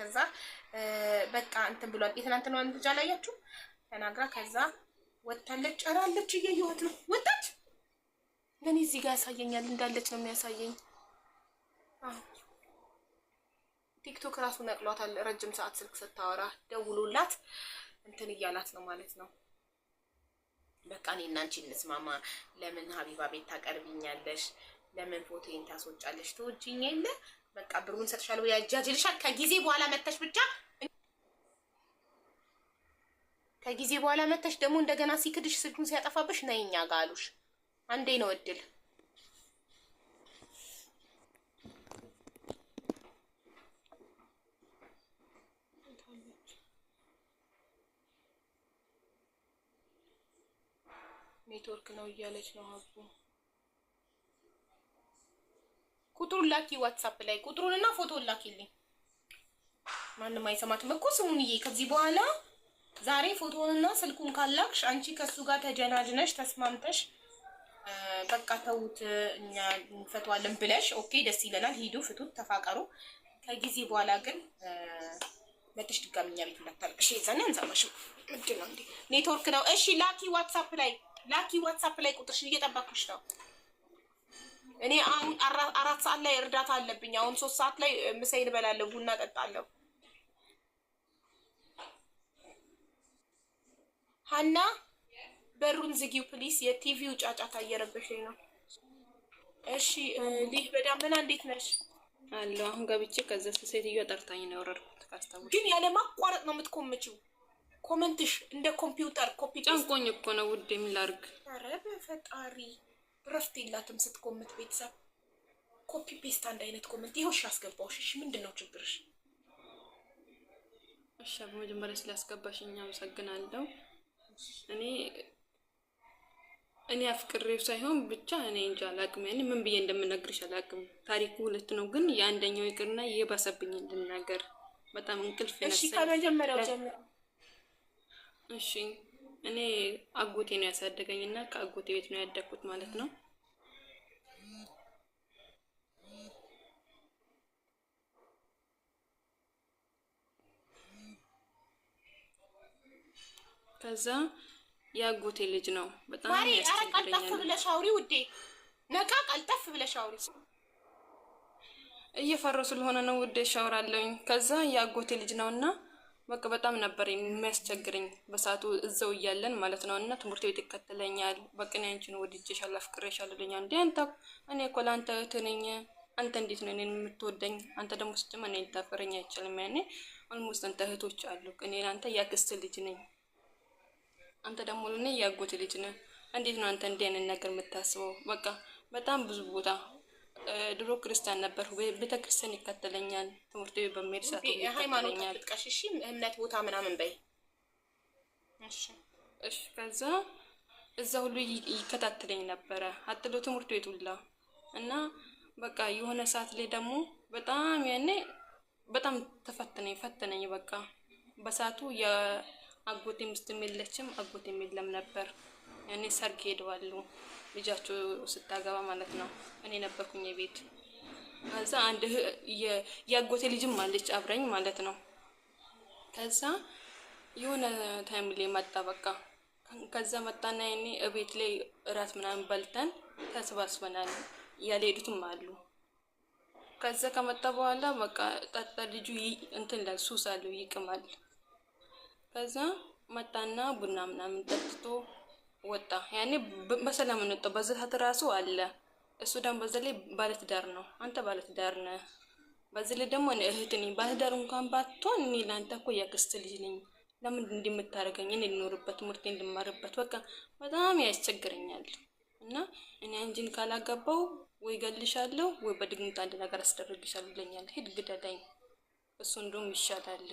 ከዛ በቃ እንትን ብሏል። የትናንትናዋን ልጅ አላያችሁ ተናግራ ከዛ ወታለች። ጨራለች፣ አለች ነው ወጣች። ለእኔ እዚህ ጋር ያሳየኛል እንዳለች ነው የሚያሳየኝ። ቲክቶክ ራሱ ነቅሏታል። ረጅም ሰዓት ስልክ ስታወራ ደውሎላት እንትን እያላት ነው ማለት ነው። በቃ እኔ እና አንቺ እንስማማ። ለምን ሀቢባ ቤት ታቀርብኛለሽ? ለምን ፎቶዬን ታስወጫለሽ? ትወጂኝ የለ በቃ ብሩን ሰጥሻለሁ ያጃጅልሻል። ከጊዜ በኋላ መተሽ ብቻ ከጊዜ በኋላ መተሽ ደግሞ እንደገና ሲክድሽ ስልኩን ሲያጠፋብሽ ነይኛ ጋር አሉሽ። አንዴ ነው እድል። ኔትወርክ ነው እያለች ነው ሀቡ ቁጥሩን ላኪ ዋትሳፕ ላይ ቁጥሩንና እና ፎቶን ላኪልኝ። ማንም አይሰማትም እኮ ስሙንዬ። ከዚህ በኋላ ዛሬ ፎቶውንና ስልኩን ካላክሽ አንቺ ከሱ ጋር ተጀናጅነሽ ተስማምተሽ በቃ ተውት እኛ እንፈቷለን ብለሽ ኦኬ፣ ደስ ይለናል። ሂዱ፣ ፍቱት፣ ተፋቀሩ። ከጊዜ በኋላ ግን መጥሽ ድጋሚ እኛ ቤት እንዳታልቅሽ። የዛኔ አንሰማሽም። ምንድን ነው እንዴ? ኔትወርክ ነው። እሺ፣ ላኪ ዋትሳፕ ላይ ላኪ ዋትሳፕ ላይ ቁጥርሽን እየጠበኩሽ ነው። እኔ አሁን አራት ሰዓት ላይ እርዳታ አለብኝ። አሁን ሶስት ሰዓት ላይ ምሳዬን እበላለሁ፣ ቡና እጠጣለሁ። ሀና በሩን ዝጊው ፕሊስ። የቲቪው ጫጫታ እየረበሸኝ ነው። እሺ ሊህ በዳመና እንዴት ነሽ? አለሁ አሁን ገብቼ ከዛ ሴትዮ ጠርታኝ ነው የወረድኩት። ካስታወሽ ግን ያለ ማቋረጥ ነው የምትኮምችው። ኮመንትሽ እንደ ኮምፒውተር ኮፒ ጨንቆኝ እኮ ነው ውድ የሚላርግ ኧረ በፈጣሪ እረፍት የላትም ስትኮምት። ቤተሰብ ኮፒ ፔስት አንድ አይነት ኮመንት ይኸውሽ አስገባሁሽ። እሺ ምንድን ነው ችግርሽ? እሺ በመጀመሪያ ስላስገባሽኝ አመሰግናለሁ። እኔ እኔ አፍቅሬው ሳይሆን ብቻ እኔ እንጃ አላቅም። ያኔ ምን ብዬ እንደምነግርሽ አላቅም። ታሪኩ ሁለት ነው፣ ግን የአንደኛው ይቅርና የባሰብኝ እንድናገር በጣም እንቅልፍ ነሳ። እሺ ከመጀመሪያው ጀምሮ እሺ እኔ አጎቴ ነው ያሳደገኝ እና ከአጎቴ ቤት ነው ያደግኩት ማለት ነው። ከዛ የአጎቴ ልጅ ነው በጣም ቀልጠፍ ብለሽ አውሪ ውዴ፣ ነቃ ቀልጠፍ ብለሽ አውሪ። እየፈረሱ ስለሆነ ነው ውዴ፣ ሻወር ከዛ የአጎቴ ልጅ ነው እና በቃ በጣም ነበር የሚያስቸግረኝ በሰዓቱ እዛው እያለን ማለት ነው። እና ትምህርት ቤት ይከተለኛል። በቃ እኔ አንቺን ወድጄሻለሁ፣ አፍቅሬሻለሁ ይለኛል። እንዴ አንተ እኔ እኮ ለአንተ ነኝ። አንተ እንዴት ነው እኔን የምትወደኝ? አንተ ደግሞ ስትም እኔ ልታፈረኝ አይችልም። ያኔ አልሞስት አንተ እህቶች አሉ። እኔ ለአንተ ያክስት ልጅ ነኝ፣ አንተ ደግሞ ለእኔ ያጎት ልጅ ነህ። እንዴት ነው አንተ እንዲህ አይነት ነገር የምታስበው? በቃ በጣም ብዙ ቦታ ድሮ ክርስቲያን ነበርኩ። ቤተ ክርስቲያን ይከተለኛል፣ ትምህርት ቤት በሚሄድ ሰዓት ይከተለኛል። እሺ እምነት ቦታ ምናምን በይ እሺ። ከዛ እዛ ሁሉ ይከታተለኝ ነበረ አትሎ ትምህርት ቤት ሁላ እና በቃ የሆነ ሰዓት ላይ ደግሞ በጣም ያኔ በጣም ተፈተነኝ ፈተነኝ። በቃ በሰዓቱ የአጎቴ ሚስት የለችም፣ አጎቴ የለም ነበር ያኔ ሰርግ ሄደዋሉ ልጃቸው ስታገባ ማለት ነው። እኔ ነበርኩኝ ቤት ከዛ አንድ ያጎቴ ልጅም አለች አብረኝ ማለት ነው። ከዛ የሆነ ታይም ላይ መጣ በቃ ከዛ መጣና እኔ እቤት ላይ እራት ምናምን በልተን ተሰባስበናል። ያልሄዱትም አሉ። ከዛ ከመጣ በኋላ በቃ ጠጣ ልጁ እንትን ላል ሱስ አለው ይቅማል። ከዛ መጣና ቡና ምናምን ጠጥቶ ወጣ። ያኔ በሰላም ነው የወጣው። በዝህ ራሱ አለ። እሱ ሱዳን በዛ ላይ ባለትዳር ነው። አንተ ባለትዳር ነህ። በዚህ ላይ ደግሞ እኔ እህት ነኝ። ባለትዳር እንኳን ባትሆን እኔ ለአንተ እኮ ያክስት ልጅ ነኝ። ለምን እንደምታደርገኝ እኔ ልኖርበት ትምህርቴ እንድማርበት በቃ በጣም ያስቸግረኛል። እና እኔ አንቺን ካላገባው ወይ ገልሻለሁ ወይ በድግምት አንድ ነገር አስደረግሻለሁ ብለኛል። ሂድ ግደለኝ፣ እሱ እንደውም ይሻላል።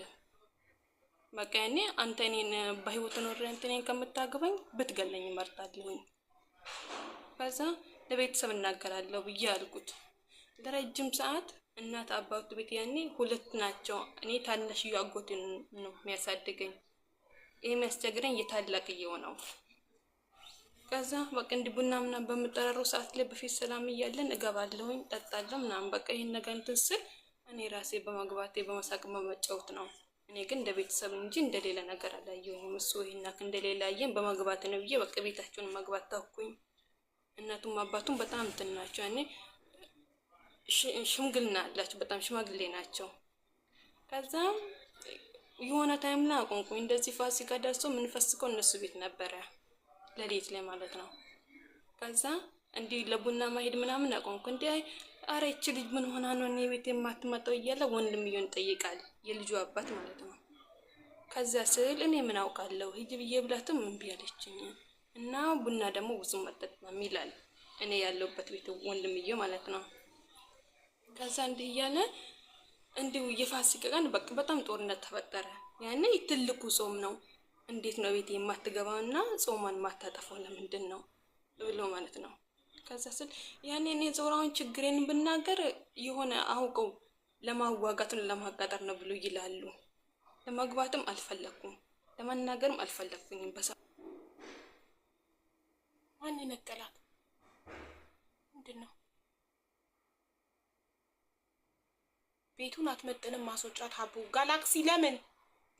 በቃ እኔ አንተ እኔን በህይወት ኖር አንተ እኔን ከምታገባኝ ብትገለኝ እመርጣለሁኝ። ከዛ ለቤተሰብ እናገራለሁ ብዬ አልኩት። ለረጅም ሰዓት እናት አባቱ ቤት ያኔ ሁለት ናቸው። እኔ ታናሽዬ አጎቴ ነው የሚያሳድገኝ። ይህ የሚያስቸግረኝ የታላቅዬው ነው። ከዛ በቃ እንዲህ ቡና ምናምን በምጠራረው ሰዓት ላይ በፊት ሰላም እያለን እገባለሁኝ፣ ጠጣለሁ ምናምን በቃ ይህን ነገር እንትን ስል እኔ ራሴ በመግባቴ በመሳቅ በመጫወት ነው እኔ ግን እንደ ቤተሰብ እንጂ እንደሌላ ነገር አላየሁም። እሱ ይሄና እንደሌላ አየን በመግባት ነው ብዬ በቃ ቤታቸውን መግባት ታኩኝ። እናቱም አባቱም በጣም እንትን ናቸው። ያኔ ሽምግልና አላቸው፣ በጣም ሽማግሌ ናቸው። ከዛ የሆነ ታይም ላይ አቆንኩኝ። እንደዚህ ፋሲካ ደርሶ የምንፈስከው እነሱ ቤት ነበረ፣ ለሌት ላይ ማለት ነው። ከዛ እንዲህ ለቡና ማሄድ ምናምን አቆንኩ። እንዲህ አረ ልጅ ምን ሆና ነው እኔ ቤት የማትመጣው እያለ ወንድምየውን ጠይቃል። የልጁ አባት ማለት ነው። ከዛ ስል እኔ ምን አውቃለሁ ሂጂ ብዬ ብላትም እምቢ አለችኝ እና ቡና ደግሞ ብዙም አጠጣም ይላል። እኔ ያለሁበት ቤት ወንድምየው ማለት ነው። ከዛ እንዲህ እያለ እንዲሁ የፋሲካ ቀን በቃ በጣም ጦርነት ተፈጠረ። ያኔ ትልቁ ጾም ነው። እንዴት ነው ቤት የማትገባው እና ጾሟን ማታጠፈው ለምንድን ነው ብሎ ማለት ነው ከዛ ስል ያኔ እኔ ዞራውን ችግሬን ብናገር የሆነ አውቀው ለማዋጋትን ለማጋጠር ነው ብሎ ይላሉ። ለመግባትም አልፈለግኩም ለመናገርም አልፈለኩኝም። በሳ ማን የነጠላት ምንድን ነው? ቤቱን አትመጥንም። ማስወጫት ሀቡ ጋላክሲ ለምን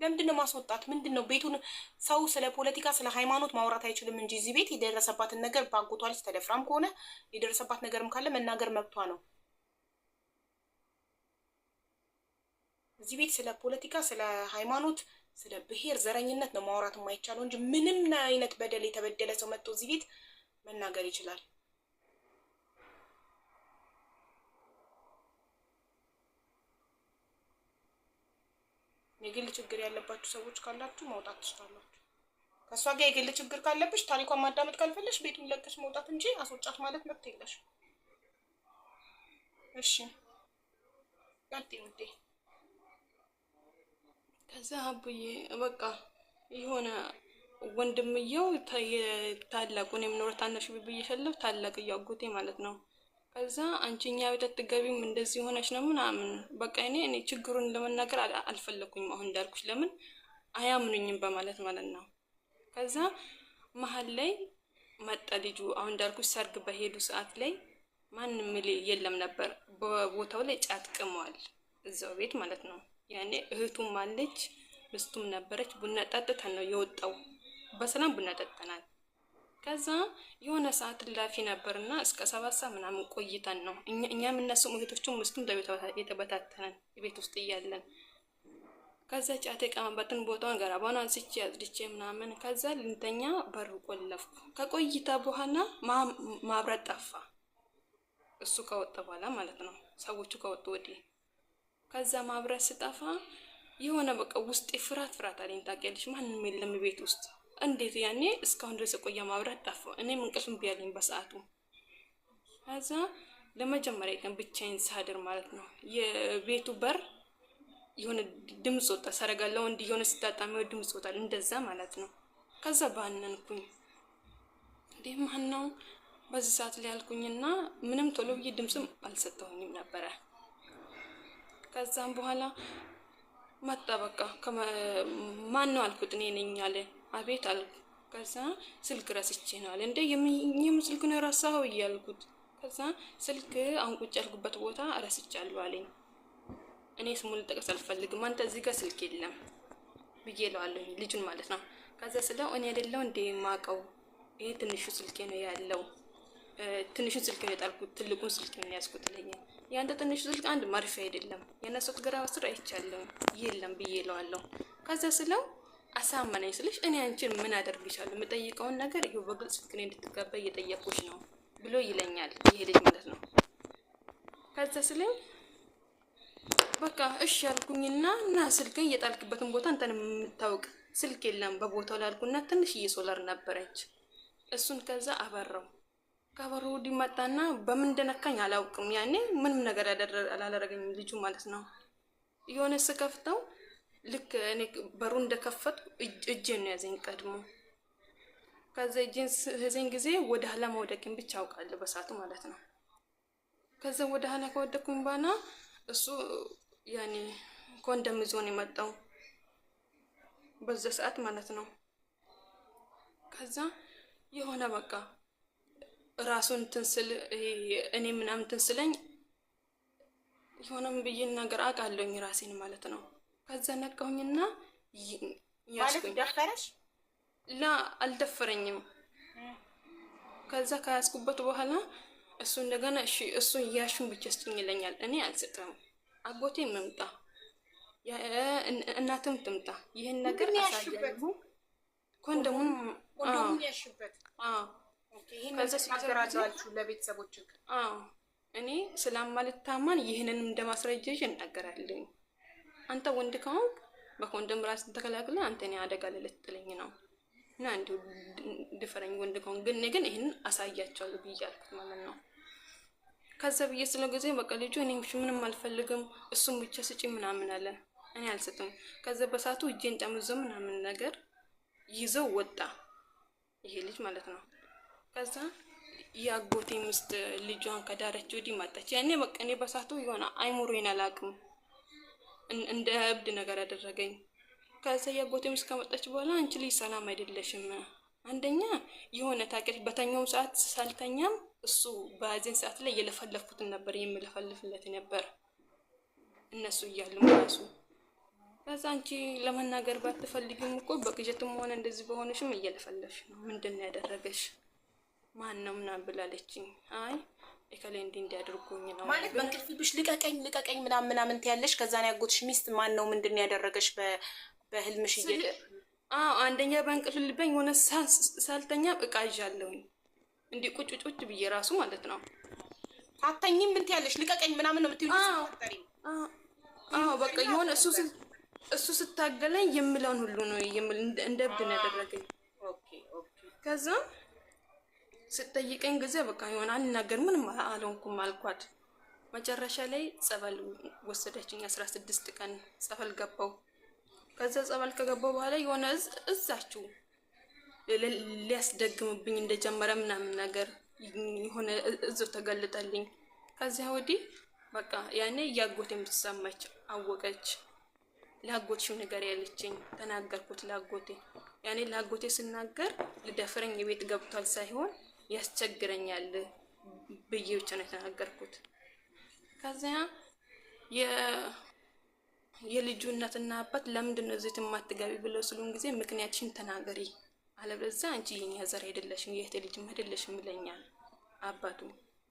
ለምንድን ነው ማስወጣት? ምንድን ነው ቤቱን? ሰው ስለ ፖለቲካ ስለ ሃይማኖት ማውራት አይችልም እንጂ እዚህ ቤት የደረሰባትን ነገር ባጎቷ ልጅ ተደፍራም ከሆነ የደረሰባት ነገርም ካለ መናገር መብቷ ነው። እዚህ ቤት ስለ ፖለቲካ ስለ ሃይማኖት ስለ ብሔር ዘረኝነት ነው ማውራት የማይቻለው እንጂ ምንም አይነት በደል የተበደለ ሰው መጥቶ እዚህ ቤት መናገር ይችላል። የግል ችግር ያለባችሁ ሰዎች ካላችሁ መውጣት ትችላላችሁ። ከእሷ ጋር የግል ችግር ካለብሽ ታሪኳን ማዳመጥ ካልፈለሽ ቤቱን ለቀሽ መውጣት እንጂ አስወጫት ማለት መብት የለሽ። እሺ ቀጤ ውዴ። ከዛ አቡዬ በቃ የሆነ ወንድምየው ታላቁ እኔም ኖረ ታናሽ ብዬሻለሁ ታላቅ እያጎቴ ማለት ነው ከዛ አንቺኛ ቤት አትገቢም እንደዚህ ሆነች ነው ምናምን። በቃ እኔ እኔ ችግሩን ለመናገር አልፈለኩኝም። አሁን እንዳልኩሽ ለምን አያምኑኝም በማለት ማለት ነው። ከዛ መሀል ላይ መጣ ልጁ። አሁን እንዳልኩሽ ሰርግ በሄዱ ሰዓት ላይ ማንም የለም ነበር። በቦታው ላይ ጫት ቅመዋል እዛው ቤት ማለት ነው። ያኔ እህቱም አለች፣ ምስቱም ነበረች። ቡና ጠጥተን ነው የወጣው። በሰላም ቡና ጠጥተናል። ከዛ የሆነ ሰዓት ላፊ ነበር እና እስከ ሰባት ሰዓት ምናምን ቆይተን ነው እኛም እነሱ እህቶቹም ውስጥም የተበታተነን ቤት ውስጥ እያለን ከዛ ጫት የቀመበትን ቦታውን ገራባውን አንስቼ አጽድቼ ምናምን ከዛ ልንተኛ በር ቆለፍኩ። ከቆይታ በኋላ ማብረት ጠፋ። እሱ ከወጣ በኋላ ማለት ነው፣ ሰዎቹ ከወጡ ወዲህ። ከዛ ማብረት ስጠፋ የሆነ በቃ ውስጤ ፍርሃት ፍርሃት አለኝ። ታውቂያለሽ፣ ማንም የለም ቤት ውስጥ እንዴት ያኔ እስካሁን ድረስ የቆየ ማብራት ጠፋ። እኔም እንቅልፍ ቢያለኝ አለኝ በሰዓቱ። ከዛ ለመጀመሪያ ቀን ብቻዬን ሳድር ማለት ነው የቤቱ በር የሆነ ድምፅ ወጣ። ሰረጋላ ወንድ የሆነ ስታጣሚ ድምፅ ወጣል፣ እንደዛ ማለት ነው። ከዛ ባነንኩኝ እንዴ ማን ነው በዚህ ሰዓት ላይ ያልኩኝና ምንም ቶሎ ብዬ ድምፅም አልሰጠሁኝም ነበረ። ከዛም በኋላ መጣ በቃ ማን ነው አልኩት፣ እኔ ነኝ አለ። አቤት አልኩ። ከዛ ስልክ ረስቼ ነዋል እንደ የም ስልክን ረሳኸው እያልኩት ከዛ ስልክ አንቁጭ ያልኩበት ቦታ ረስቻለሁ አለኝ። እኔ ስሙን ልጠቀስ አልፈልግም፣ አንተ እዚህ ጋር ስልክ የለም ብዬ እለዋለሁኝ ልጁን ማለት ነው። ከዛ ስለው እኔ አይደለሁ እንደ የማውቀው ይሄ ትንሹ ስልኬ ነው ያለው ትንሹን ስልክ ነው የጣልኩት፣ ትልቁን ስልክ ነው ያዝኩት ይለኛል። የአንተ ትንሹ ስልክ አንድ ማረፊያ አይደለም፣ የነሱት ግራ ስር አይቻለሁ የለም ብዬ እለዋለሁ። ከዛ ስለው አሳመነኝ ስልሽ እኔ አንቺን ምን አደርግሻለሁ? የምጠይቀውን ነገር ይኸው በግልጽ ፍቅሬ እንድትጋባ እየጠየኩሽ ነው ብሎ ይለኛል። ይሄ ልጅ ማለት ነው። ከዛ ስለኝ በቃ እሺ ያልኩኝና እና ስልክን የጣልክበትን ቦታ እንትን የምታውቅ ስልክ የለም በቦታው ላልኩና ትንሽ እየሶላር ነበረች እሱን ከዛ አበረው ከበሮ ወዲህ መጣና በምን እንደነካኝ አላውቅም። ያኔ ምንም ነገር አላደረገኝም ልጁ ማለት ነው። የሆነ ስከፍተው ልክ እኔ በሩ እንደከፈት እጄን ነው ያዘኝ ቀድሞ። ከዛ እጄን ስዘኝ ጊዜ ወደ ኋላ መውደቅን ብቻ አውቃለሁ በሰዓቱ ማለት ነው። ከዛ ወደ ኋላ ከወደቅኩኝ ባና እሱ ያኔ ኮንደም ዞን የመጣው በዛ ሰዓት ማለት ነው። ከዛ የሆነ በቃ ራሱን ትንስል እኔ ምናምን ትንስለኝ የሆነም ብይን ነገር አውቃለሁኝ ራሴን ማለት ነው። አዘነጋሁኝና ያስኩኝ። ደፈረሽ? ላ አልደፈረኝም። ከዛ ከያዝኩበት በኋላ እሱ እንደገና እሺ እሱ እያሹን ብቻ ስጭኝ ይለኛል። እኔ አልሰጠም። አጎቴ መምጣ እናትም ትምጣ ይህን ነገር አሳያለሁ። ኮንደሙን ያሽበት ለቤተሰቦች እኔ ስላማልታማን ይህንንም እንደማስረጃ ይዤ አንተ ወንድ ከሆንክ በኮንደም ራስ ተከላክለ አንተን አደጋ ላይ ልትጥለኝ ነው እና እንዲሁ ድፈረኝ ወንድ ከሆንክ ግን እኔ ግን ይህን አሳያቸዋለሁ ብዬ አልኩት ማለት ነው። ከዛ ብዬ ስለ ጊዜ በቃ ልጁ እኔ ምንም አልፈልግም እሱም ብቻ ስጪ ምናምን አለ። እኔ አልሰጥም። ከዛ በሳቱ እጄን ጠምዞ ምናምን ነገር ይዘው ወጣ ይሄ ልጅ ማለት ነው። ከዛ የአጎቴ ምስት ልጇን ከዳረች ወዲህ መጣች። ያኔ በቃ እኔ በሳቱ የሆነ አይሙሮዬን አላውቅም እንደ እብድ ነገር አደረገኝ። ከዛ የአጎቴ ሚስት ከመጣች በኋላ አንቺ ልጅ ሰላም አይደለሽም። አንደኛ የሆነ ታውቂያለሽ፣ በተኛውም ሰዓት ሳልተኛም እሱ በዚህን ሰዓት ላይ እየለፈለፍኩትን ነበር የምለፈልፍለት ነበር እነሱ እያሉ ማለሱ። ከዛ አንቺ ለመናገር ባትፈልጊም እኮ በቅዠትም ሆነ እንደዚህ በሆነሽም እየለፈለፍሽ ነው። ምንድን ነው ያደረገሽ? ማን ነው ምናምን ብላለችኝ። አይ እከሌ እንዲህ እንዲያደርጉኝ ነው ማለት በእንቅልፍሽ ልቀቀኝ ልቀቀኝ ምናምን ምናምን ትያለሽ። ከዛ ነው ያጎትሽ ሚስት ማን ነው ምንድን ነው ያደረገሽ በህልምሽ? አዎ አንደኛ በእንቅልፍ ልበኝ ሆነ ሳልተኛ እቃ ይዣለሁኝ እንዲህ ቁጭ ቁጭ ብዬ ራሱ ማለት ነው። አተኝም ምን ትያለሽ? ልቀቀኝ ምናምን ነው የምትይው። አዎ በቃ የሆነ እሱ እሱ ስታገለኝ የምለውን ሁሉ ነው የምል እንደ እብድ ነው ያደረገኝ ከዛ ስጠይቀኝ ጊዜ በቃ የሆነ አንናገር ምንም አልሆንኩም አልኳት። መጨረሻ ላይ ጸበል ወሰደችኝ። አስራ ስድስት ቀን ጸበል ገባው። ከዛ ጸበል ከገባው በኋላ የሆነ እዛችሁ ሊያስደግምብኝ እንደጀመረ ምናምን ነገር የሆነ እዛው ተገልጠልኝ። ከዚያ ወዲህ በቃ ያኔ እያጎት የምትሰማች አወቀች። ላጎትሽው ነገር ያለችኝ ተናገርኩት። ላጎቴ ያኔ ላጎቴ ስናገር ልደፍረኝ የቤት ገብቷል ሳይሆን ያስቸግረኛል ብዬ ብቻ ነው የተናገርኩት። ከዚያ የልጁ እናትና አባት ለምንድን ነው እዚህ የማትገቢ ብለው ስሉን ጊዜ ምክንያትሽን ተናገሪ፣ አለበለዚያ አንቺ የኛ ዘር አይደለሽም የእህቴ ልጅም አይደለሽም ይለኛል አባቱ።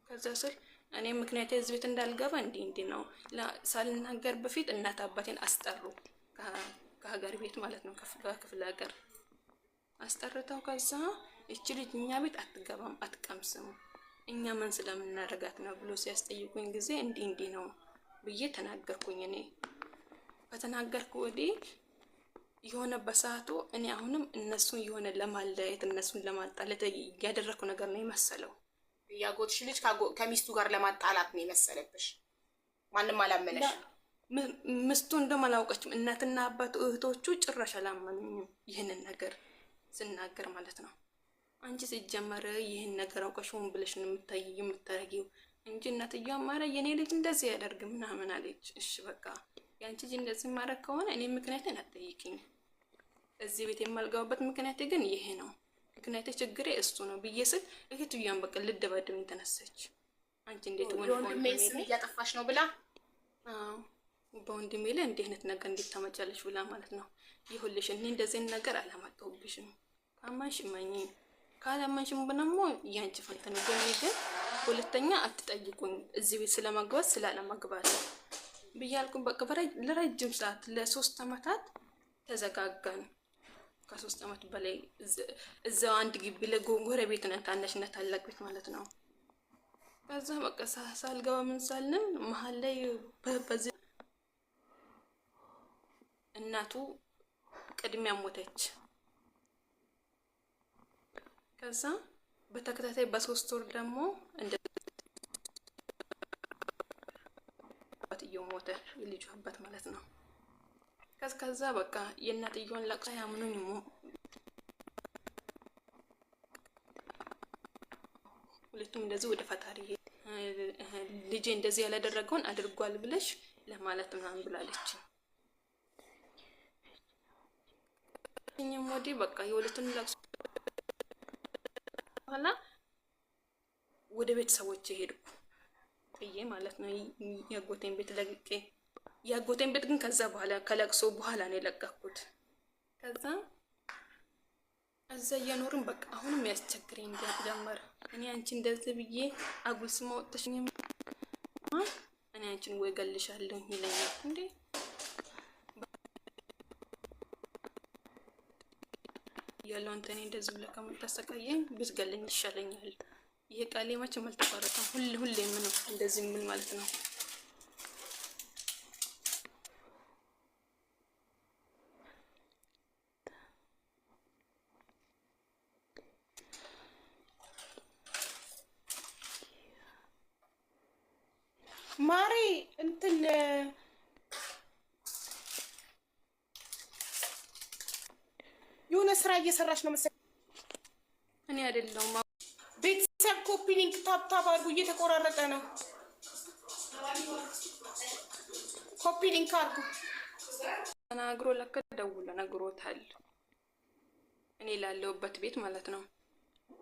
ከዚያ ስል እኔ ምክንያት እዚህ ቤት እንዳልገባ እንዲህ እንዲህ ነው ሳልናገር በፊት እናት አባቴን አስጠሩ፣ ከሀገር ቤት ማለት ነው ከክፍለ ሀገር አስጠርተው ከዛ እች ልጅ እኛ ቤት አትገባም አትቀምስም፣ እኛ ምን ስለምናደርጋት ነው ብሎ ሲያስጠይቁኝ ጊዜ እንዲህ እንዲህ ነው ብዬ ተናገርኩኝ። እኔ በተናገርኩ ወዲህ የሆነ በሰዓቱ እኔ አሁንም እነሱን የሆነ ለማለየት እነሱን ለማጣለት እያደረግኩ ነገር ነው የመሰለው። ያጎትሽ ልጅ ከሚስቱ ጋር ለማጣላት ነው የመሰለብሽ? ማንም አላመነሽ? ምስቱ እንደውም አላውቀችም። እናትና አባቱ እህቶቹ ጭራሽ አላመኑኝም፣ ይህንን ነገር ስናገር ማለት ነው። አንቺ ሲጀመር ይህን ነገር አውቀሽ ሆን ብለሽ ነው የምታይ የምታረጊው እንጂ እናትየዋ ማረ የኔ ልጅ እንደዚህ ያደርግ ምናምን አለች። እሺ በቃ የአንቺ ልጅ እንደዚህ ማድረግ ከሆነ እኔ ምክንያት አትጠይቂኝ። እዚህ ቤት የማልገባበት ምክንያት ግን ይሄ ነው። ምክንያት ችግሬ እሱ ነው ብዬ ስል እህትያን በቃ ልደባደብኝ ተነሳች። አንቺ እንዴት ወንድሜ እያጠፋሽ ነው ብላ በወንድሜ ላይ እንዲህ አይነት ነገር እንዴት ታመጫለሽ ብላ ማለት ነው። ይሁልሽ እኔ እንደዚህ ነገር አላመጣሁብሽም። አማሽ እመኚኝ ካላመንሽም ብነሞ ያንቺ ፈንታ ነው። ግን ሁለተኛ አትጠይቁኝ እዚህ ቤት ስለመግባት ስላለመግባት ብያልኩም በቃ ለረጅም ሰዓት ለሶስት አመታት ተዘጋጋን። ከሶስት አመት በላይ እዛው አንድ ግቢ ለጎንጎረ ቤት ነን፣ ታናሽና ታላቅ ቤት ማለት ነው። ከዛ በቃ ሳልገባ ምን ሳልን መሀል ላይ በዚ እናቱ ቅድሚያ ሞተች። ከዛ በተከታታይ በሶስት ወር ደግሞ እንደ ሞተ የልጁ አባት ማለት ነው። ከዛ በቃ የእናትየውን ለቅሶ ያምኑኝ ሞ ሁለቱም እንደዚህ ወደ ፈጣሪ ልጄ እንደዚህ ያላደረገውን አድርጓል ብለሽ ለማለት ምናምን ብላለች። ኛም ወዲህ በቃ የሁለቱን ለቅሶ በኋላ ወደ ቤተሰቦቼ ሄድኩ ጥዬ ማለት ነው። የአጎቴን ቤት ለቅቄ የአጎቴን ቤት ግን ከዛ በኋላ ከለቅሶ በኋላ ነው የለቀኩት። ከዛ እዛ እየኖርን በቃ አሁንም ያስቸግረኝ ጀመር እኔ አንቺ እንደዚህ ብዬ አጉል ስማ ወጥተሽ እኔ አንቺን ወይ ገልሻለሁ ይለኛል እንዴ እፈልጋለሁ። አንተ እኔ እንደዚህ ብለህ ከምታሰቃየኝ ብትገለኝ ይሻለኛል። ይሄ ቃሌ መቼም አልተቋረጠም። ሁሌ ሁሌ የምነው እንደዚህ ምን ማለት ነው? የሆነ ስራ እየሰራች ነው መሰለኝ። እኔ አይደለሁም። ቤተሰብ ኮፒ ሊንክ ታብታብ አድርጉ። እየተቆራረጠ ነው። ኮፒ ሊንክ አድርጉ። ተናግሮ ለካ ደውሎ ነግሮታል። እኔ ላለሁበት ቤት ማለት ነው።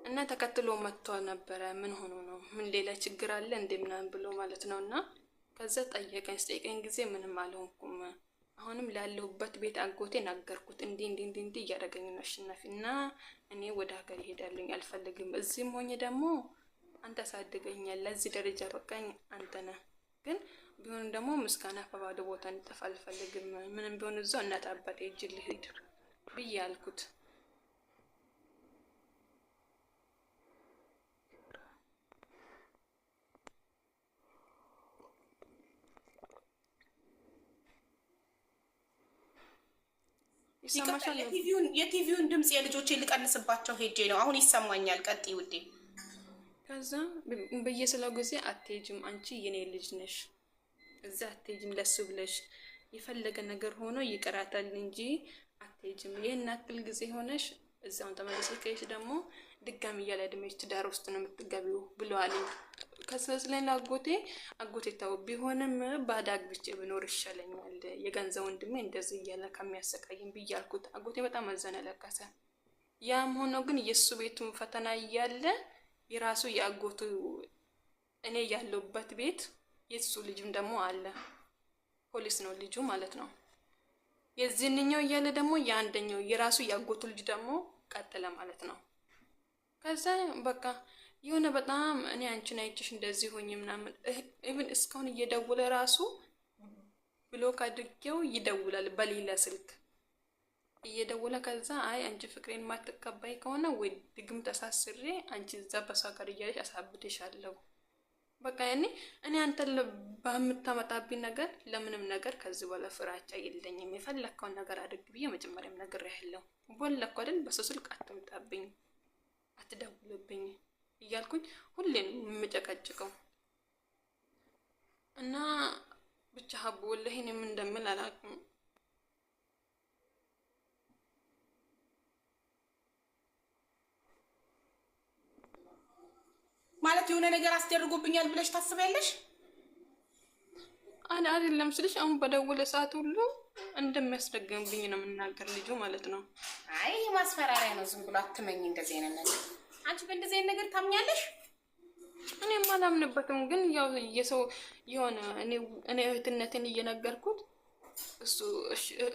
እና ተከትሎ መጥቶ ነበረ። ምን ሆኖ ነው ምን ሌላ ችግር አለ እንዴ ብሎ ማለት ነው። እና ከዛ ጠየቀኝ። ስጠይቀኝ ጊዜ ምንም አልሆንኩም አሁንም ላለሁበት ቤት አጎቴ ነገርኩት። እንዲህ እንዲህ እንዲህ እንዲህ እያደረገኝ ነው አሸናፊ እና እኔ ወደ ሀገር ይሄዳለኝ አልፈልግም። እዚህም ሆኜ ደግሞ አንተ አሳድገኛል ለዚህ ደረጃ በቃኝ አንተ ነህ። ግን ቢሆንም ደግሞ ምስጋና ከባዶ ቦታ እንጠፋ አልፈልግም። ምንም ቢሆን እዛው እናት አባቴ እጅ ልሂድ ብዬ አልኩት። ይሰማሻል? የቲቪውን ድምፅ የልጆቼ ልቀንስባቸው ሄጄ ነው። አሁን ይሰማኛል። ቀጥ ውዴ። ከዛ በየስለው ጊዜ አትሄጂም አንቺ የኔ ልጅ ነሽ፣ እዚያ አትሄጂም ለሱ ብለሽ የፈለገ ነገር ሆኖ ይቀራታል እንጂ አትሄጂም። ይህን ጊዜ ሆነሽ እዚያውን ተመለሰች ከሄድሽ ደግሞ ድጋሚ እያለ እድሜሽ ትዳር ውስጥ ነው የምትገቢው ብለዋልኝ። ከስለ አጎቴ አጎቴ ቢሆንም ብኖር የገንዘብ ወንድሜ እንደዚህ እያለ ከሚያሰቃይም ብዬ አልኩት። አጎቴ በጣም አዘነ ለቀሰ። ያም ሆኖ ግን የእሱ ቤቱን ፈተና እያለ የራሱ የአጎቱ እኔ ያለሁበት ቤት የሱ ልጅም ደግሞ አለ። ፖሊስ ነው ልጁ ማለት ነው። የዚህንኛው እያለ ደግሞ የአንደኛው የራሱ የአጎቱ ልጅ ደግሞ ቀጥለ ማለት ነው። ከዛ በቃ የሆነ በጣም እኔ አንቺን አይችሽ እንደዚህ ሆኝ ምናምን ኢቭን እስካሁን እየደወለ ራሱ ብሎክ አድርጌው ይደውላል በሌላ ስልክ እየደወለ ከዛ አይ አንቺ ፍቅሬን ማትቀባይ ከሆነ ወይ ድግም ተሳስሬ አንቺ እዛ በሷ ጋር እያለች አሳብድሻለሁ። በቃ ያኔ እኔ አንተ በምታመጣብኝ ነገር ለምንም ነገር ከዚህ በኋላ ፍራቻ የለኝም። የፈለግከውን ነገር አድርግ ብዬ መጀመሪያም ነገር ያለው ወለኩ አይደል፣ በሱ ስልክ አትምጣብኝ፣ አትደውልብኝ እያልኩኝ ሁሌ ነው የምጨቀጭቀው እና ብቻ ሀቡ ወላሂ እኔ እንደምል አላውቅም። ማለት የሆነ ነገር አስደርጎብኛል ብለሽ ታስቢያለሽ? አን አይደለም ስልሽ አሁን በደወለ ሰዓት ሁሉ እንደሚያስደግምብኝ ነው የምናገር ልጁ ማለት ነው። አይ ማስፈራሪያ ነው። ዝም ብሎ አትመኝ እንደዚህ አይነት ነገር። አንቺ በእንደዚህ አይነት ነገር ታምኛለሽ? እኔ አላምንበትም፣ ግን ያው የሰው የሆነ እኔ እህትነትን እየነገርኩት እሱ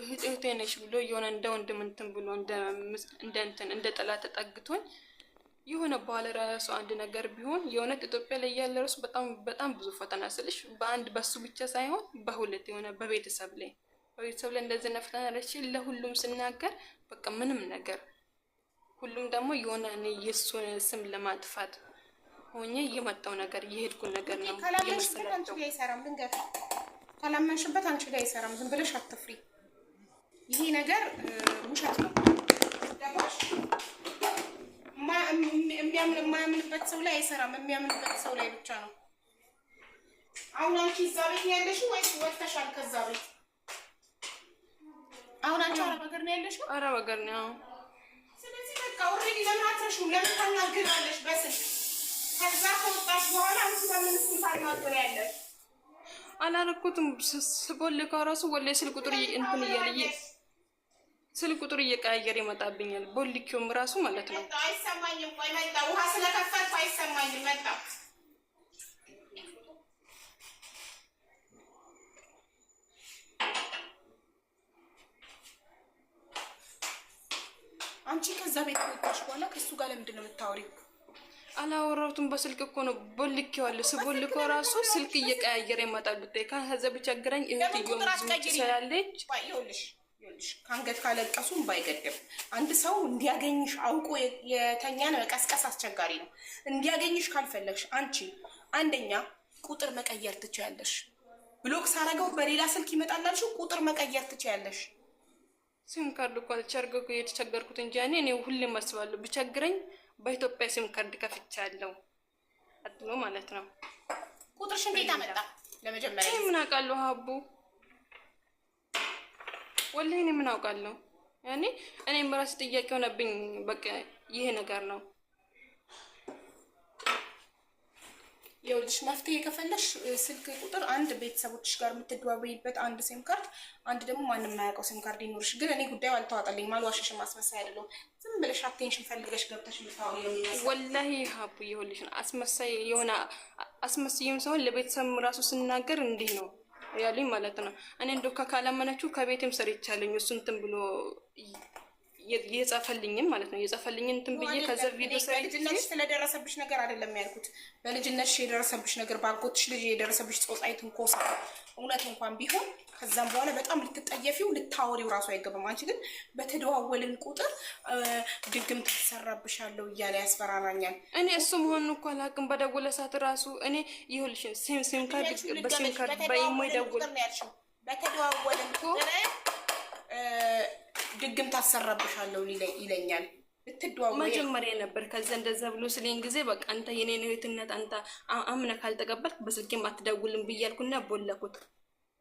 እህቴ ነሽ ብሎ የሆነ እንደ ወንድም እንትን ብሎ እንደ እንትን እንደ ጠላት ተጠግቶኝ የሆነ በኋላ ራሱ አንድ ነገር ቢሆን የእውነት ኢትዮጵያ ላይ ያለ ራሱ በጣም በጣም ብዙ ፈተና ስልሽ በአንድ በሱ ብቻ ሳይሆን በሁለት የሆነ በቤተሰብ ላይ በቤተሰብ ላይ እንደዚህ ነው ፈተና ረች ለሁሉም ስናገር በቃ ምንም ነገር ሁሉም ደግሞ የሆነ የእሱን ስም ለማጥፋት ሆኜ እየመጣው ነገር እየሄድኩን ነገር ነው። ካላመንሽበት አንቺ ላይ አይሰራም። ልንገር ካላመንሽበት አንቺ ላይ አይሰራም። ዝም ብለሽ አትፍሪ። ይሄ ነገር ውሸት ነው። የማያምንበት ሰው ላይ አይሰራም። የሚያምንበት ሰው ላይ ብቻ ነው። አሁን አንቺ እዛ ቤት ነው ያለሽው ወይስ ወጥተሻል ከዛ ቤት? አሁን አንቺ አረብ ሀገር ነው ያለሽው? አረብ ሀገር ነው። ስለዚህ በቃ ኦልሬዲ ለምን አትረሺውም? ለምን ታናግሪዋለሽ በስልክ ከዛ ከወጣች በኋላ አንቺ ለምን ሳናገር ያለሽ አላረኩትም። ስቦልከው ራሱ ወላሂ ስል ቁጥር እንትን እያለ ስል ቁጥር እየቀያየር ይመጣብኛል። ቦልኪውም ራሱ ማለት ነው አይሰማኝም። ቆይ መጣ ውሃ ስለከፈትኩ አይሰማኝም። መጣ አንቺ ከዛ ቤት ከወጣሽ በኋላ ከእሱ ጋር ለምንድን ነው የምታወሪው? አላወራሁትም በስልክ እኮ ነው ቦልኬዋለሁ። ስቦልኮ ራሱ ስልክ እየቀያየረ ይመጣል። ጉዳይ ከዛ ቢቸግረኝ እህትዮም ስላለች ከአንገት ካለቀሱም ባይገድም አንድ ሰው እንዲያገኝሽ አውቆ የተኛ ነው መቀስቀስ አስቸጋሪ ነው። እንዲያገኝሽ ካልፈለግሽ አንቺ አንደኛ ቁጥር መቀየር ትችያለሽ። ብሎክ ሳረገው በሌላ ስልክ ይመጣላልሽ። ቁጥር መቀየር ትችያለሽ። ሲም ካርድ እኮ ተቸርገ የተቸገርኩት እንጂ እኔ ሁሌም አስባለሁ ብቸግረኝ በኢትዮጵያ ሲም ካርድ ከፍቻለሁ አድሎ ማለት ነው። ቁጥርሽ እንዴት አመጣ? ለመጀመሪያ ምን አውቃለሁ? ሀቡ ወላሂ እኔ ምን አውቃለሁ? ያኔ እኔም ራሴ ጥያቄ ሆነብኝ። በቃ ይሄ ነገር ነው የውልሽ መፍትሄ ከፈለሽ ስልክ ቁጥር አንድ ቤተሰቦችሽ ጋር የምትደዋወይበት አንድ ሲም ካርድ፣ አንድ ደግሞ ማንም የማያውቀው ሲም ካርድ ይኖርሽ። ግን እኔ ጉዳዩ አልተዋጠልኝም፣ አልዋሸሽም፣ አስመሳይ አይደለሁም። ዝም ብለሽ አቴንሽን ፈልገሽ ገብተሽ ወላሂ ሀቡ ነው አስመሳይ የሆነ አስመስይም ሰሆን ለቤተሰብ ራሱ ስናገር እንዲህ ነው ያሉኝ ማለት ነው። እኔ እንዶ ካላመነችው ከቤትም ሰርቻለኝ ይቻለኝ እንትን ብሎ የጻፈልኝን ማለት ነው የጻፈልኝን እንትን ብዬ ከዛ ቪዲዮ በልጅነትሽ ስለደረሰብሽ ነገር አይደለም ያልኩት። በልጅነትሽ የደረሰብሽ ነገር ባልኮትሽ ልጅ የደረሰብሽ ጾታዊ ትንኮሳ እውነት እንኳን ቢሆን ከዛም በኋላ በጣም ልትጠየፊው ልታወሪው ራሱ አይገባም። አንቺ ግን በተደዋወልን ቁጥር ድግም ትሰራብሻለሁ እያለ ያስፈራራኛል። እኔ እሱ መሆኑን እኮ አላውቅም። በደወለ ሰዓት ራሱ እኔ ይኸውልሽ ሲም ሲም ካርድ በሲም ካርድ በይሞ ይደውል በተደዋወልን ቁጥር ድግም ታሰራብሻለሁ ይለኛል። መጀመሪያ ነበር ከዚ እንደዛ ብሎ ስለኝ ጊዜ በቃ አንተ የኔን እህትነት አንተ አምነ ካልተቀበልክ በስልኬም አትደውልም ብያልኩና ቦለኩት።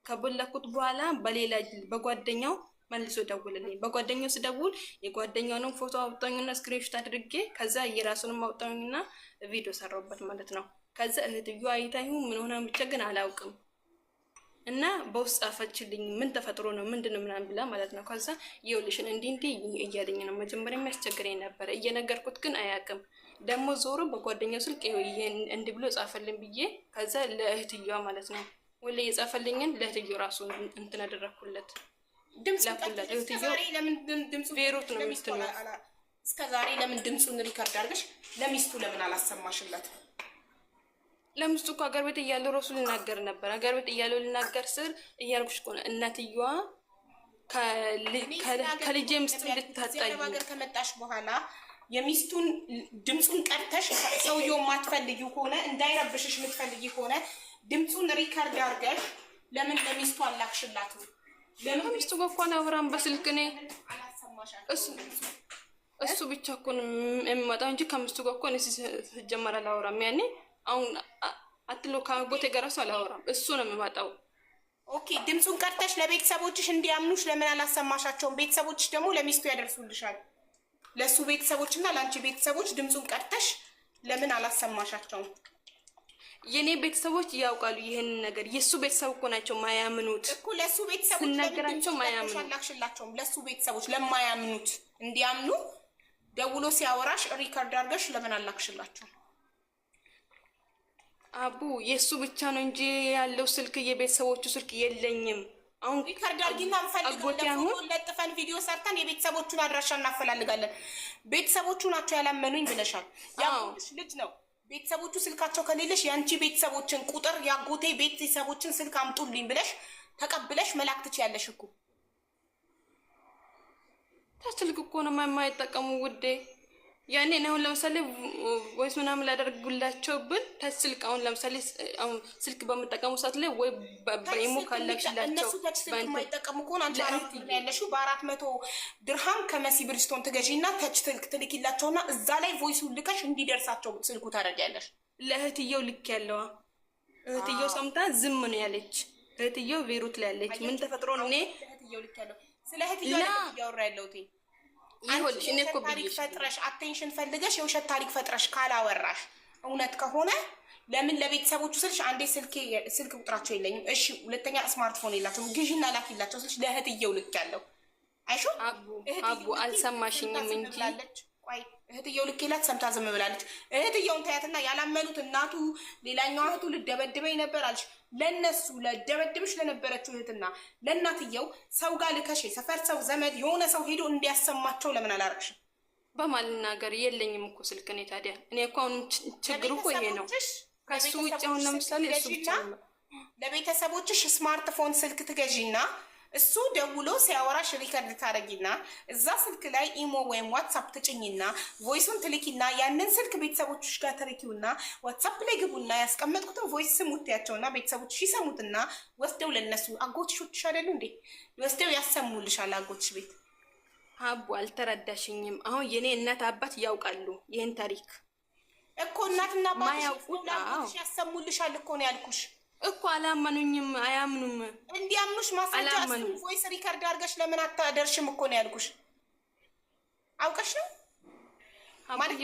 ከቦለኩት በኋላ በሌላ በጓደኛው መልሶ ደውልልኝ። በጓደኛው ስደውል የጓደኛውንም ፎቶ አውጣኝና ስክሪንሾት አድርጌ ከዛ የራሱንም አውጣኝና ቪዲዮ ሰራውበት ማለት ነው። ከዛ እህትዮ አይታ ይሁን ምን ሆነ ብቻ ግን አላውቅም እና በውስጥ ጻፈችልኝ ምን ተፈጥሮ ነው ምንድን ነው ምናምን ብላ ማለት ነው። ከዛ ይኸውልሽን እንዲህ እንዲህ እያለኝ ነው መጀመሪያ የሚያስቸግረኝ ነበረ፣ እየነገርኩት ግን አያውቅም። ደግሞ ዞሮ በጓደኛው ስልክ እንዲህ ብሎ ጻፈልኝ ብዬ ከዛ ለእህትዮዋ ማለት ነው ወላ የጻፈልኝን ለእህትዮ ራሱ እንትን አደረግኩለት ላኩለት። እህትዮ ቤሩት ነው ሚስት ነው። እስከዛሬ ለምን ድምፁን ሪከርድ አድርገሽ ለሚስቱ ለምን አላሰማሽለት? ለምስቱ እኮ ሀገር ቤት እያለሁ ራሱ ልናገር ነበር። ሀገር ቤት እያለሁ ልናገር ስር እያልኩሽ እኮ ነው እናትየዋ ከልጄ ምስት እንድታጣይ ሀገር ከመጣሽ በኋላ የሚስቱን ድምፁን ቀርተሽ ሰውየው ማትፈልጊ ከሆነ እንዳይረብሽሽ የምትፈልጊ ከሆነ ድምፁን ሪከርድ አርገሽ ለምን ለሚስቱ አላክሽላት? ለምን በኳን አብራን በስልክ እኔ እሱ ብቻ እኮ የሚመጣው እንጂ ከሚስቱ ጋር እኮ እኔ ስጀመረ አላወራም ያኔ አሁን አትሎ ከቦቴ ጋር እራሱ አላወራም። እሱ ነው የሚመጣው። ኦኬ ድምፁን ቀርተሽ ለቤተሰቦችሽ እንዲያምኑሽ ለምን አላሰማሻቸውም? ቤተሰቦችሽ ደግሞ ለሚስቱ ያደርሱልሻል። ለእሱ ቤተሰቦች እና ለአንቺ ቤተሰቦች ድምፁን ቀርተሽ ለምን አላሰማሻቸውም? የእኔ ቤተሰቦች እያውቃሉ ይህን ነገር። የእሱ ቤተሰብ እኮ ናቸው ማያምኑት እኮ ለእሱ ቤተሰቦች ማያምኑት አላክሽላቸውም። ለእሱ ቤተሰቦች ለማያምኑት እንዲያምኑ ደውሎ ሲያወራሽ ሪከርድ አድርገሽ ለምን አላክሽላቸው? አቡ የእሱ ብቻ ነው እንጂ ያለው ስልክ የቤተሰቦቹ ስልክ የለኝም። አሁን ሪካርድ አድርጊና እንፈልጋለን፣ ለጥፈን ቪዲዮ ሰርተን የቤተሰቦቹን አድራሻ እናፈላልጋለን። ቤተሰቦቹ ናቸው ያላመኑኝ ብለሻል። ያሽ ልጅ ነው ቤተሰቦቹ ስልካቸው ከሌለሽ የአንቺ ቤተሰቦችን ቁጥር ያጎቴ ቤተሰቦችን ስልክ አምጡልኝ ብለሽ ተቀብለሽ መላክ ትችያለሽ እኮ ታስልክ እኮ ነው የማይጠቀሙ ውዴ ያኔ አሁን ለምሳሌ ወይስ ምናምን ላደርጉላቸው ብል ተስልክ አሁን ለምሳሌ አሁን ስልክ በምጠቀሙ ሰዓት ላይ ወይ በኢሞ ካላችላቸው የማይጠቀሙ ከሆነ አንቺ ያለሽ በአራት መቶ ድርሃም ከመሲ ብሪስቶን ትገዢና ተች ስልክ ትልኪላቸውና እዛ ላይ ቮይሱ ልከሽ እንዲደርሳቸው ስልኩ ታደርጊያለሽ። ለእህትየው ልክ ያለዋ እህትየው ሰምታ ዝም ነው ያለች። እህትየው ቤሩት ላይ ያለች ምን ተፈጥሮ ነው? እኔ እህትየው ልክ ያለው ስለ እህትየው እያወራ ያለሁት ይሁንሽ ታሪክ ፈጥረሽ አቴንሽን ፈልገሽ የውሸት ታሪክ ፈጥረሽ ካላወራሽ እውነት ከሆነ ለምን ለቤተሰቦቹ ስልሽ አንዴ ስልክ ቁጥራቸው የለኝም፣ እሺ ሁለተኛ ስማርትፎን የላቸውም፣ ግዢና ላኪላቸው ስልሽ ለእህትየው ልክ ያለው አይሾ አቡ አልሰማሽኝም እንጂ እህትየው ልኬላት ሰምታ ዝም ብላለች። እህትየውን ታያትና ያላመኑት እናቱ ሌላኛው እህቱ ልደበድበኝ ነበር አለች። ለነሱ ለደበድብሽ ለነበረችው እህትና ለእናትየው ሰው ጋር ልከሽ የሰፈር ሰው ዘመድ የሆነ ሰው ሄዶ እንዲያሰማቸው ለምን አላረግሽ? በማልናገር የለኝም እኮ ስልክ። እኔ ታዲያ እኔ እኮ አሁን ችግሩ እኮ ይሄ ነው። ከሱ ውጭ አሁን ለምሳሌ ለቤተሰቦችሽ ስማርትፎን ስልክ ትገዢና እሱ ደውሎ ሲያወራሽ ሪከርድ ታደረጊና እዛ ስልክ ላይ ኢሞ ወይም ዋትሳፕ ትጭኝና ቮይሱን ትልኪና ያንን ስልክ ቤተሰቦችሽ ጋር ትልኪውና ዋትሳፕ ላይ ግቡና ያስቀመጥኩትን ቮይስ ስሙት ያቸውና ቤተሰቦች ይሰሙትና ወስደው ለነሱ አጎችሾች አደሉ እንዴ ወስደው ያሰሙልሻል። አጎች ቤት አቡ አልተረዳሽኝም። አሁን የኔ እናት አባት ያውቃሉ ይህን ታሪክ እኮ እናትና አባት ያሰሙልሻል እኮ ነው ያልኩሽ። እኮ አላመኑኝም። አያምኑም። እንዲያምኑሽ ማስረጃ ቮይስ ሪከርድ አድርገሽ ለምን አታደርሽም እኮ ነው ያልኩሽ። አውቀሽ ነው ማለት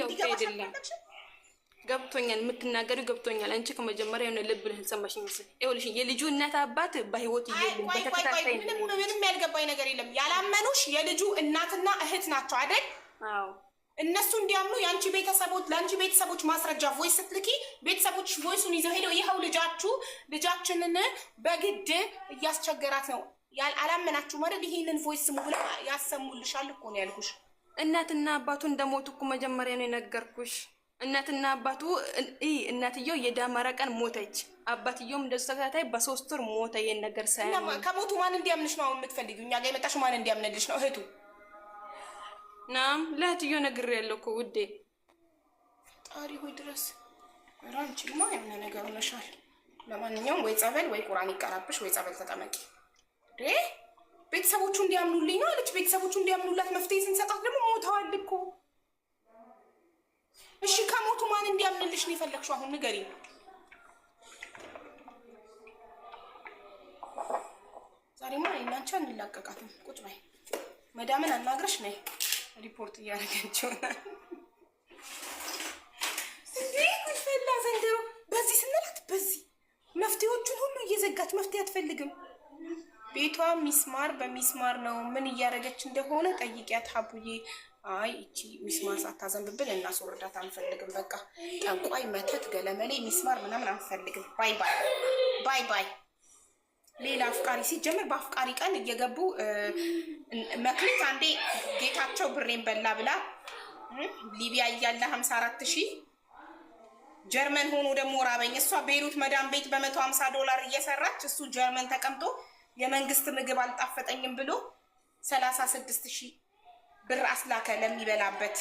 ገብቶኛል፣ የምትናገሪው ገብቶኛል። አንቺ ከመጀመሪያ የሆነ ልብ ልሰማሽ ይመስል ይኸውልሽ፣ የልጁ እናት አባት በህይወት እየሉም በተከታታይ ምንም ያልገባኝ ነገር የለም። ያላመኑሽ የልጁ እናትና እህት ናቸው አይደል? አዎ እነሱ እንዲያምኑ የአንቺ ቤተሰቦች ለአንቺ ቤተሰቦች ማስረጃ ቮይስ ስትልኪ ቤተሰቦች ቮይሱን ይዘው ሄደው ይኸው ልጃችሁ ልጃችንን በግድ እያስቸገራት ነው አላመናችሁ ማለት ይሄንን ቮይስ ስሙ ብለው ያሰሙልሻል እኮ ነው ያልኩሽ። እናትና አባቱ እንደሞቱ እኮ መጀመሪያ ነው የነገርኩሽ። እናትና አባቱ እናትየው የዳመራ ቀን ሞተች፣ አባትየውም እንደሱ ተከታታይ በሶስት ወር ሞተ። ይህን ነገር ሳይ ከሞቱ ማን እንዲያምንሽ ነው አሁን የምትፈልጊው? እኛ ጋር የመጣሽ ማን እንዲያምንልሽ ነው እህቱ ናም ለእህትዮ ነግሬ ያለው እኮ ውዴ። ጣሪ ሆይ ድረስ አንቺማ የሆነ ነገር ሆነሻል። ለማንኛውም ወይ ጸበል ወይ ቁራን ይቀራብሽ፣ ወይ ጸበል ተጠመቂ። ቤተሰቦቹ እንዲያምኑልኝ ነው አለች። ቤተሰቦቹ እንዲያምኑላት መፍትሄ ስንሰጣት ደግሞ ሞተዋል እኮ። እሺ ከሞቱ ማን እንዲያምንልሽ ነው የፈለግሽው? አሁን ንገሪኝ። ዛሬማ እናንቺ አንላቀቃትም። ቁጭ በይ። መዳምን አናግረሽ ነይ ሪፖርት እያደረገች ይሆናል። ዘንድሮ በዚህ ስንላት በዚህ መፍትሄዎቹን ሁሉ እየዘጋች መፍትሄ አትፈልግም። ቤቷ ሚስማር በሚስማር ነው። ምን እያደረገች እንደሆነ ጠይቂያት ሀቡዬ። አይ እቺ ሚስማር ሳታዘንብብን እናስወርዳት አንፈልግም። በቃ ጠንቋይ፣ መተት፣ ገለመሌ፣ ሚስማር ምናምን አንፈልግም። ባይ ባይ ባይ ባይ። ሌላ አፍቃሪ ሲጀምር በአፍቃሪ ቀን እየገቡ መክሊት አንዴ ጌታቸው ብሬን በላ ብላ ሊቢያ እያለ ሀምሳ አራት ሺህ ጀርመን ሆኖ ደግሞ ራበኝ። እሷ ቤይሩት መዳም ቤት በመቶ ሀምሳ ዶላር እየሰራች እሱ ጀርመን ተቀምጦ የመንግስት ምግብ አልጣፈጠኝም ብሎ ሰላሳ ስድስት ሺህ ብር አስላከ ለሚበላበት።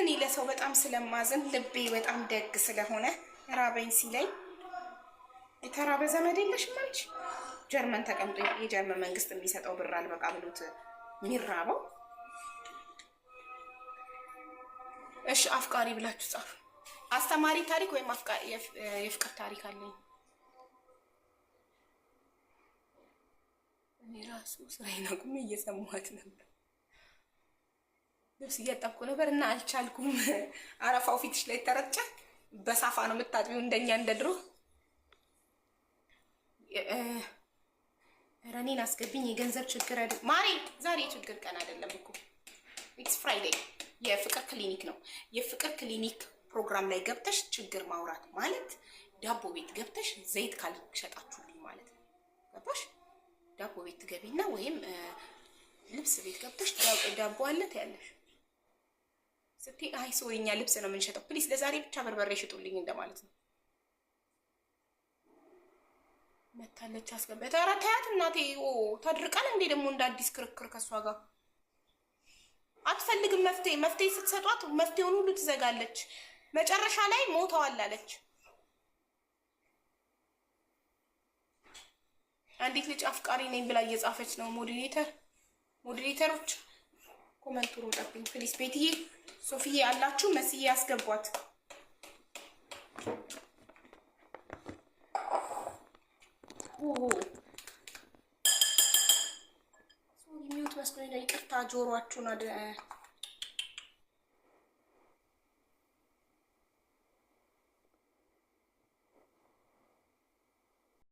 እኔ ለሰው በጣም ስለማዝን ልቤ በጣም ደግ ስለሆነ ራበኝ ሲለኝ የተራበ ዘመድ የለሽም አለች። ጀርመን ተቀምጦ የጀርመን መንግስት የሚሰጠው ብር አልበቃ ብሎት የሚራበው። እሺ አፍቃሪ ብላችሁ ጻፉ። አስተማሪ ታሪክ ወይም የፍቅር ታሪክ አለኝ። እኔ ራሱ ስራዬን አቁሜ እየሰማኋት ነበር። ልብስ እያጠብኩ ነበር እና አልቻልኩም። አረፋው ፊትሽ ላይ ተረጨ በሳፋ ነው የምታጥቢው እንደኛ እንደድሮ። ኧረ እኔን አስገብኝ። የገንዘብ ችግር አይደለም ማሬ፣ ዛሬ የችግር ቀን አይደለም እኮ ኢትስ ፍራይዴይ። የፍቅር ክሊኒክ ነው። የፍቅር ክሊኒክ ፕሮግራም ላይ ገብተሽ ችግር ማውራት ማለት ዳቦ ቤት ገብተሽ ዘይት ካልሸጣችሁልኝ ማለት ነው። ገባሽ? ዳቦ ቤት ትገቢና ወይም ልብስ ቤት ገብተሽ ዳቦ አለ ያለሽ ስትይ አይ ሰው የኛ ልብስ ነው የምንሸጠው፣ ፕሊስ ለዛሬ ብቻ በርበሬ ሽጡልኝ እንደማለት ነው። መታለች አስገባ ተረታያት እናቴ ተድርቀን እንዴ ደግሞ እንደ አዲስ ክርክር ከእሷ ጋር አትፈልግም መፍትሄ መፍትሄ ስትሰጧት መፍትሄውን ሁሉ ትዘጋለች መጨረሻ ላይ ሞተዋል አለች አንዲት ልጅ አፍቃሪ ነኝ ብላ እየጻፈች ነው ሞዲሬተር ሞዲሬተሮች ኮመንቱ ሮጠብኝ ፕሊስ ቤትዬ ሶፊዬ አላችሁ መስዬ አስገቧት ሰው የሚወት መስሎኝ ነው። ይቅርታ ጆሮአችሁን አደ